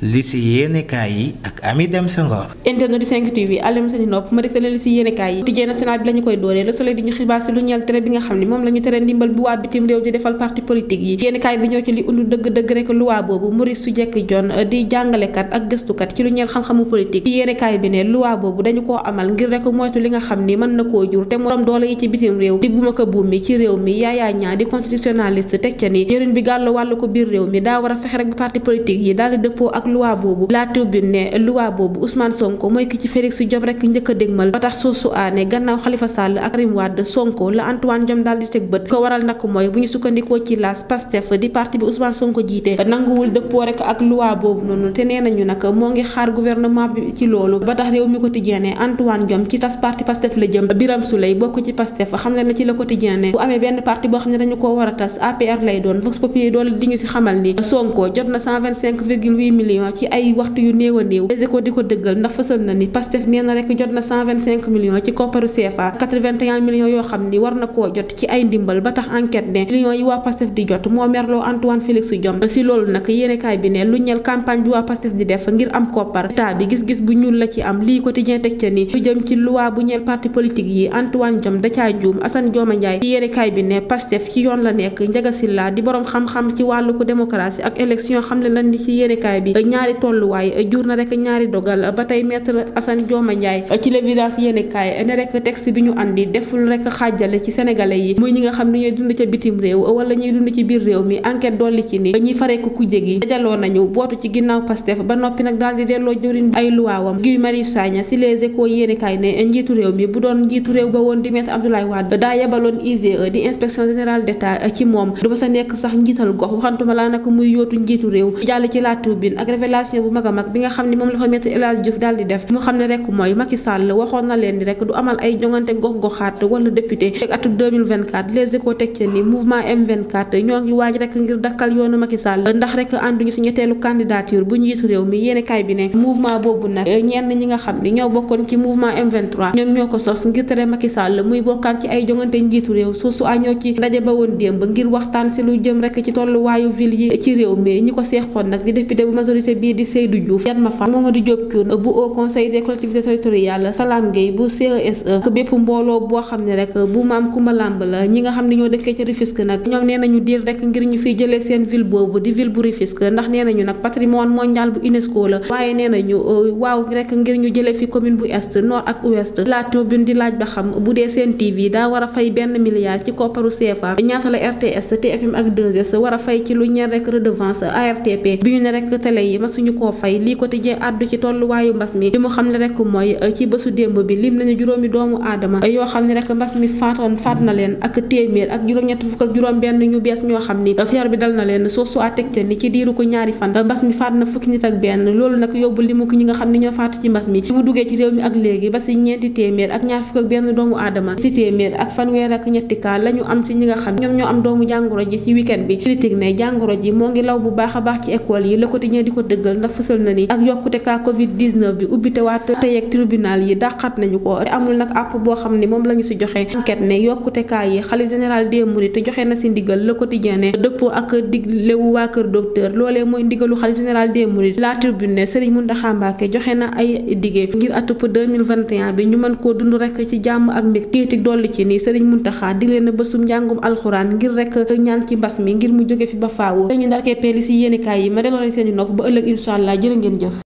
yéenekaay yi ak Ami Deme Senghor. internet 5 TV àllam seen nopp ma déglu leen si yéenekaay yi. tijjee national bi la koy dooree Le Soleil di ñu xibaar si lu ñeel tere bi nga xam ne moom la ñu tere ndimbal bu waa bitim réew di defal parti politique yi. yéenekaay bi ñëw ci li undu dëgg-dëgg rek luwaa boobu Maurice Soudieck Dione eh, di jàngalekat ak gëstukat ci lu ñeel xam-xamu politique. ci yéenekaay bi ne luwaa boobu dañu koo amal ngir rek moytu li nga xam ni mën na koo jur te morom doole yi ci ko buum mi mi yaayaa ñaa bi gàllu wàllu a yi loi boobu la tribune ne loi boobu Ousmane Sonko mooy ki ci Félix Diome rek njëkk dégmal ba tax suuf su aane gannaaw Khalifa Sall ak Karim Sonko la Antoine Diome ci tas parti Pastef la jëm Biram Souley bokk ci Pastef xam na ci le quotidien ne bu amee benn parti boo xam ne dañu koo war a tas APR lay doon Vox Populi doole di ñu si xamal ni Sonko jot na 125,8 millions millions ci ay waxtu yu néew a néew Les Échos di ko dëggal ndax fësal na ni Pastef nee na rek jot na 125 ci kopparu CFA 81 yoo xam ni war na koo jot ci ay ndimbal ba tax enquête ne millions yi waa Pastef di jot moo merloo Antoine Félix Diome si loolu nag yéenekaay bi ne lu ñeel campagne bi waa Pastef di def ngir am koppar état bi gis-gis bu ñuul la ci am lii quotidien teg ca ni lu jëm ci loi bu ñeel parti politique yi Antoine Diome da caa juum Assane Dioma ñaari tolluwaay jur na rek ñaari dogal ba tey maître Assane Dioma Ndiaye ci le village yéenekaay ne rek bi ñu andi deful rek xaajale ci sénégalais yi muy ñi nga xam ne dund ca bitim réew wala ñuy dund ci biir réew mi enquête dolli ci ni ñi faree ko kujje gi dajaloo nañu bootu ci ginnaaw Pastef ba noppi nag daal di delloo jëriñ ay luwaawam Guy Marius Sagna si les échos ne njiitu réew mi bu doon njiitu réew ba woon di maître Abdoulaye Wade daa yebaloon IGE di inspection générale d'État ci moom du ma sa nekk sax njiital gox waxantuma laa nag muy yootu njiitu réew jàll ci la tribune ak révélation bu mag a mag bi nga xam ni moom la fa metti El Hadji def mu xam ne rek mooy Macky Sall waxoon na leen ni rek du amal ay jongante gox-goxaat wala député ak les échos teg ci ni mouvement M24 ñoo ngi waaj rek ngir dakkal yoonu Macky ndax rek ànduñu si ñetteelu candidature bu njiitu réew mi yéene kaay bi ne mouvement boobu nag ñenn ñi nga xam ni ñoo bokkoon ci mouvement M23 ñoom ñoo ko sos ngir tere Macky Sall muy bokkaat ba woon démb ngir waxtaan si lu jëm ci tolluwaayu ville yi ci mi université bii di Seydou Diouf Yatma Fall Mamadou Diop Thioune bu Haut Conseil des collectivités territoriales Salam Gueye bu CESE e, bépp mbooloo boo xam ne rek bu maam Kumba Lamb la ñi nga xam ne ñoo dëkkee ci Rufisque nag ñoom nee nañu diir rek ngir ñu fiy jëlee seen ville boobu di ville bu Rufisque ndax nee nañu nag patrimoine mondial bu UNESCO la waaye nee nañu euh, waaw rek ngir ñu jëlee fi commune bu est nord ak ouest laaj bin di laaj ba xam bu dee seen TV daa war fay benn milliard ci kopparu CFA ñaata la RTS TFM ak war fay ci lu ñeent rek redevance masuñu koo fay lii quotidien addu ci tolluwaayu mbas mi li mu xam ne rek mooy ci faat na leen ak téeméer ak juróom-ñett fukk ak juróom-benn ñu bees ñoo xam ni na leen source a teg ca ni ci diiru ko ñaari fan mbas mi faat na fukki nit ak loolu nag yóbbu limu ñi nga xam ne ñoo faatu ci mbas mi li mu duggee ci réew mi ak léegi ba si ñeenti téeméer ak ñaar fukk ak benn doomu aadama ñetti téeméer ak fanweer ak ñetti kaa la am si ñi nga xam ñoom ñoo am doomu jàngoro ji ci week-end bi critique ne jàngoro ji moo ngi law bu baax a baax ci école yi le quotidien di ko ko dëggal ndax fësal na ni ak yokkute cas Covid 19 bi ubbite waat tey ak tribunal yi dàqat nañu ko te amul nag àpp boo xam ne moom la ñu si joxe enquête ne yokkute cas yi xalifa général des mourides joxe na si ndigal le quotidien ne dëppoo ak diglewu waa kër docteur loolee mooy ndigalu xalifa général des mourides la tribune ne Serigne Mountakha joxe na ay dige ngir atub bi ñu mën koo dund rek ci jàmm ak mbég tiiti dolli ci ni Serigne Mountakha digle na bésum njàngum alxuraan ngir rek ñaan ci ngir mu jóge ba faawu dañu ndarkee peeli si ëllëg incha allah jërë ngeen jëf.